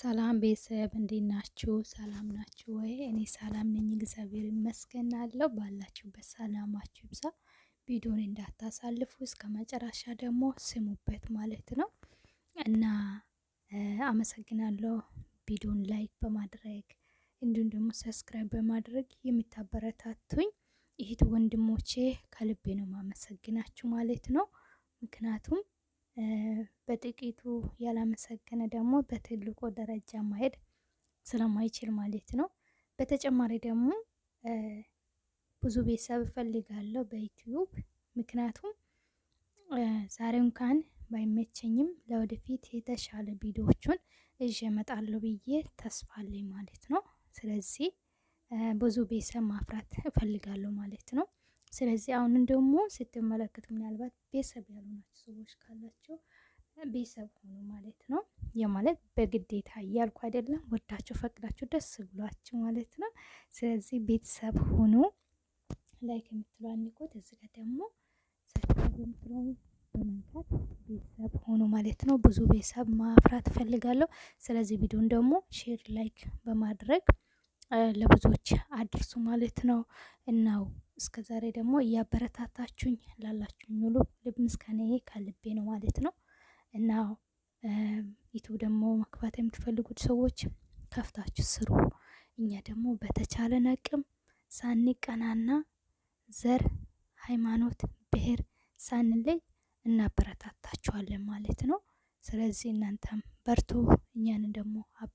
ሰላም ቤተሰብ እንዴት ናችሁ? ሰላም ናችሁ ወይ? እኔ ሰላም ነኝ፣ እግዚአብሔር ይመስገን አለው። ባላችሁበት ሰላማችሁ ይብዛ። ቪዲዮን እንዳታሳልፉ እስከ መጨረሻ ደግሞ ስሙበት ማለት ነው እና አመሰግናለሁ። ቪዲዮን ላይክ በማድረግ እንዲሁም ደግሞ ሰብስክራይብ በማድረግ የምታበረታቱኝ እህት ወንድሞቼ ከልቤ ነው ማመሰግናችሁ ማለት ነው ምክንያቱም በጥቂቱ ያላመሰገነ ደግሞ በትልቁ ደረጃ ማሄድ ስለማይችል ማለት ነው። በተጨማሪ ደግሞ ብዙ ቤተሰብ እፈልጋለሁ በዩትዩብ ምክንያቱም ዛሬ እንኳን ባይመቸኝም ለወደፊት የተሻለ ቪዲዮዎቹን እዥ እመጣለሁ ብዬ ተስፋ አለኝ ማለት ነው። ስለዚህ ብዙ ቤተሰብ ማፍራት እፈልጋለሁ ማለት ነው። ስለዚህ አሁን ደግሞ ስትመለከቱ ምናልባት ቤተሰብ ያልሆናችሁ ሰዎች ካላችሁ ቤተሰብ ሆኑ ማለት ነው። ማለት በግዴታ እያልኩ አይደለም፣ ወዳችሁ ፈቅዳችሁ ደስ ብሏችሁ ማለት ነው። ስለዚህ ቤተሰብ ሆኑ ላይክ የምትለው አንቆት እዚህ ጋር ደግሞ ሰብስክራይብ የምትለው በመንካት ቤተሰብ ሆኑ ማለት ነው። ብዙ ቤተሰብ ማፍራት ፈልጋለሁ። ስለዚህ ቪዲዮን ደግሞ ሼር ላይክ በማድረግ ለብዙዎች አድርሱ ማለት ነው እናው እስከ ዛሬ ደግሞ እያበረታታችሁኝ ላላችሁኝ ሙሉ ልብ ምስጋናዬ ከልቤ ነው ማለት ነው። እና ዩቱብ ደግሞ መክፋት የምትፈልጉት ሰዎች ከፍታችሁ ስሩ። እኛ ደግሞ በተቻለን አቅም ሳንቀናና ዘር፣ ሃይማኖት፣ ብሔር ሳንለይ እናበረታታችኋለን ማለት ነው። ስለዚህ እናንተም በርቱ፣ እኛን ደግሞ አ